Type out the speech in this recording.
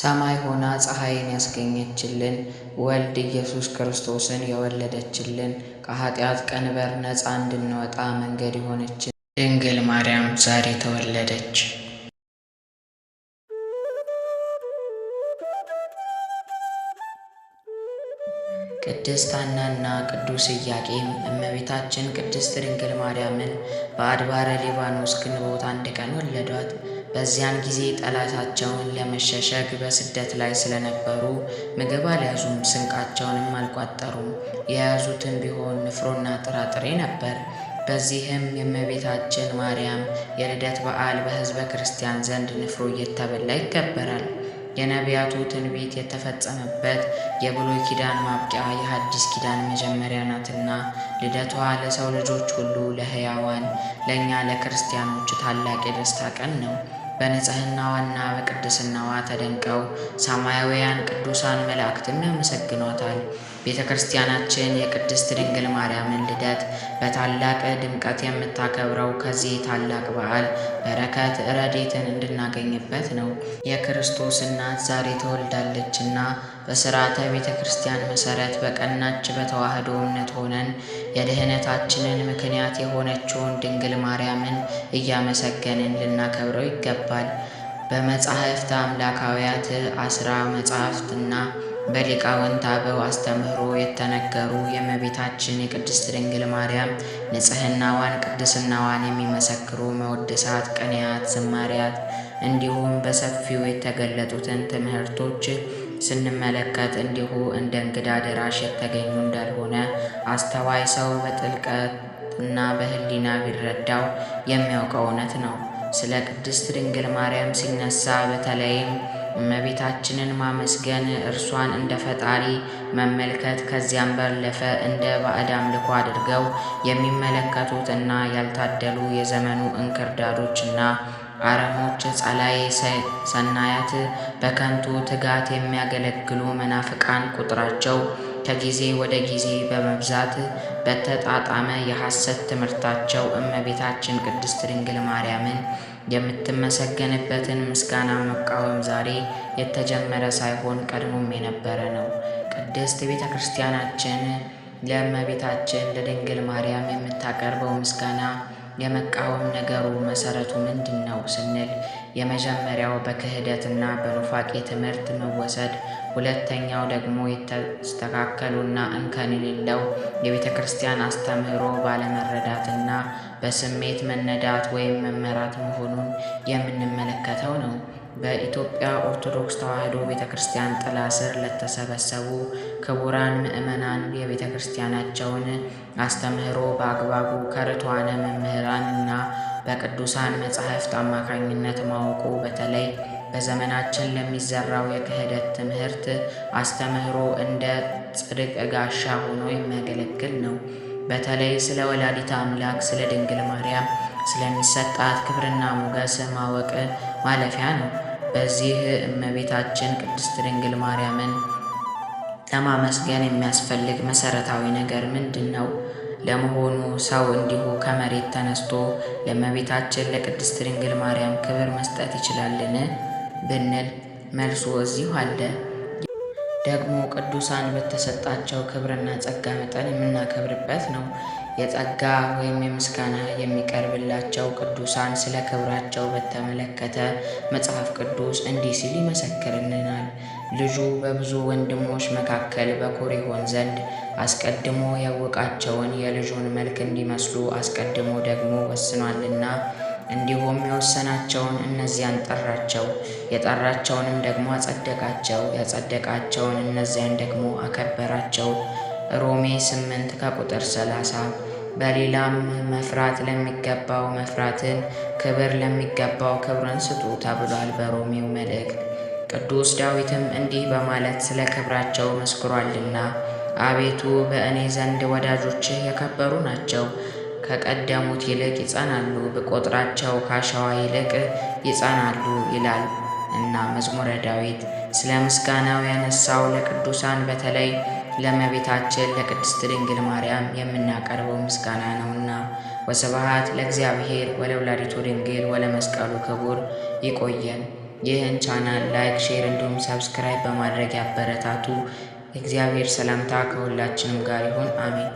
ሰማይ ሆና ፀሐይን ያስገኘችልን ወልድ ኢየሱስ ክርስቶስን የወለደችልን ከኃጢአት ቀንበር ነፃ እንድንወጣ መንገድ የሆነችን ድንግል ማርያም ዛሬ ተወለደች። ቅድስት ሐናና ቅዱስ ኢያቄም እመቤታችን ቅድስት ድንግል ማርያምን በአድባረ ሊባኖስ ግንቦት አንድ ቀን ወለዷት። በዚያን ጊዜ ጠላታቸውን ለመሸሸግ በስደት ላይ ስለነበሩ ምግብ አልያዙም፣ ስንቃቸውንም አልቋጠሩም። የያዙትም ቢሆን ንፍሮና ጥራጥሬ ነበር። በዚህም የእመቤታችን ማርያም የልደት በዓል በሕዝበ ክርስቲያን ዘንድ ንፍሮ እየተበላ ይከበራል። የነቢያቱ ትንቢት የተፈጸመበት የብሉይ ኪዳን ማብቂያ የሐዲስ ኪዳን መጀመሪያ ናትና ልደቷ ለሰው ልጆች ሁሉ ለሕያዋን ለእኛ ለክርስቲያኖች ታላቅ የደስታ ቀን ነው። በንጽህናዋና በቅድስናዋ ተደንቀው ሰማያውያን ቅዱሳን መላእክትም ያመሰግኗታል። ቤተ ክርስቲያናችን የቅድስት ድንግል ማርያምን ልደት በታላቅ ድምቀት የምታከብረው ከዚህ ታላቅ በዓል በረከት ረዴትን እንድናገኝበት ነው። የክርስቶስ እናት ዛሬ ተወልዳለችና በሥርዓተ ቤተ ክርስቲያን መሠረት በቀናች በተዋህዶ እምነት ሆነን የድኅነታችንን ምክንያት የሆነችውን ድንግል ማርያምን እያመሰገንን ልናከብረው ይገባል። በመጻሕፍት አምላካውያት አስራ መጻሕፍትና በሊቃውንት አበው አስተምህሮ የተነገሩ የእመቤታችን የቅድስት ድንግል ማርያም ንጽሕናዋን ቅድስናዋን የሚመሰክሩ መወድሳት፣ ቅንያት፣ ዝማሪያት እንዲሁም በሰፊው የተገለጡትን ትምህርቶች ስንመለከት እንዲሁ እንደ እንግዳ ደራሽ የተገኙ እንዳልሆነ አስተዋይ ሰው በጥልቀትና በሕሊና ቢረዳው የሚያውቀው እውነት ነው። ስለ ቅድስት ድንግል ማርያም ሲነሳ በተለይም እመቤታችንን ማመስገን እርሷን እንደ ፈጣሪ መመልከት ከዚያም ባለፈ እንደ ባዕድ አምልኮ አድርገው የሚመለከቱት እና ያልታደሉ የዘመኑ እንክርዳዶችና አረሞች ጸላይ ሰናያት በከንቱ ትጋት የሚያገለግሉ መናፍቃን ቁጥራቸው ከጊዜ ወደ ጊዜ በመብዛት በተጣጣመ የሐሰት ትምህርታቸው እመቤታችን ቅድስት ድንግል ማርያምን የምትመሰገንበትን ምስጋና መቃወም ዛሬ የተጀመረ ሳይሆን ቀድሞም የነበረ ነው። ቅድስት ቤተ ክርስቲያናችን ለእመቤታችን ለድንግል ማርያም የምታቀርበው ምስጋና የመቃወም ነገሩ መሰረቱ ምንድን ነው ስንል የመጀመሪያው በክህደትና በኑፋቄ ትምህርት መወሰድ፣ ሁለተኛው ደግሞ የተስተካከሉና እንከን የሌለው የቤተ ክርስቲያን አስተምህሮ ባለመረዳትና በስሜት መነዳት ወይም መመራት መሆኑን የምንመለከተው ነው። በኢትዮጵያ ኦርቶዶክስ ተዋሕዶ ቤተ ክርስቲያን ጥላ ስር ለተሰበሰቡ ክቡራን ምዕመናን የቤተ ክርስቲያናቸውን አስተምህሮ በአግባቡ ከርቷነ እና በቅዱሳን መጻሕፍት አማካኝነት ማወቁ በተለይ በዘመናችን ለሚዘራው የክህደት ትምህርት አስተምህሮ እንደ ጽድቅ ጋሻ ሆኖ የሚያገለግል ነው። በተለይ ስለ ወላዲተ አምላክ ስለ ድንግል ማርያም ስለሚሰጣት ክብርና ሞገስ ማወቅ ማለፊያ ነው። በዚህ እመቤታችን ቅድስት ድንግል ማርያምን ለማመስገን የሚያስፈልግ መሰረታዊ ነገር ምንድን ነው? ለመሆኑ ሰው እንዲሁ ከመሬት ተነስቶ ለእመቤታችን ለቅድስት ድንግል ማርያም ክብር መስጠት ይችላልን ብንል መልሱ እዚሁ አለ። ደግሞ ቅዱሳን በተሰጣቸው ክብርና ጸጋ መጠን የምናከብርበት ነው። የጸጋ ወይም የምስጋና የሚቀርብላቸው ቅዱሳን ስለ ክብራቸው በተመለከተ መጽሐፍ ቅዱስ እንዲህ ሲል ይመሰክርልናል። ልጁ በብዙ ወንድሞች መካከል በኩር ይሆን ዘንድ አስቀድሞ ያወቃቸውን የልጁን መልክ እንዲመስሉ አስቀድሞ ደግሞ ወስኗልና እንዲሁም የወሰናቸውን እነዚያን ጠራቸው፣ የጠራቸውንም ደግሞ አጸደቃቸው፣ ያጸደቃቸውን እነዚያን ደግሞ አከበራቸው። ሮሜ ስምንት ከቁጥር 30 በሌላም መፍራት ለሚገባው መፍራትን፣ ክብር ለሚገባው ክብርን ስጡ ተብሏል በሮሜው መልእክት። ቅዱስ ዳዊትም እንዲህ በማለት ስለ ክብራቸው መስክሯልና አቤቱ በእኔ ዘንድ ወዳጆችህ የከበሩ ናቸው ከቀደሙት ይልቅ ይጸናሉ፣ በቆጥራቸው ካሸዋ ይልቅ ይጸናሉ ይላል እና መዝሙረ ዳዊት ስለ ምስጋናው ያነሳው ለቅዱሳን በተለይ ለእመቤታችን ለቅድስት ድንግል ማርያም የምናቀርበው ምስጋና ነውና። ወስብሐት ለእግዚአብሔር ወለወላዲቱ ድንግል ወለመስቀሉ ክቡር። ይቆየን። ይህን ቻናል ላይክ፣ ሼር እንዲሁም ሰብስክራይብ በማድረግ ያበረታቱ። እግዚአብሔር ሰላምታ ከሁላችንም ጋር ይሁን። አሜን።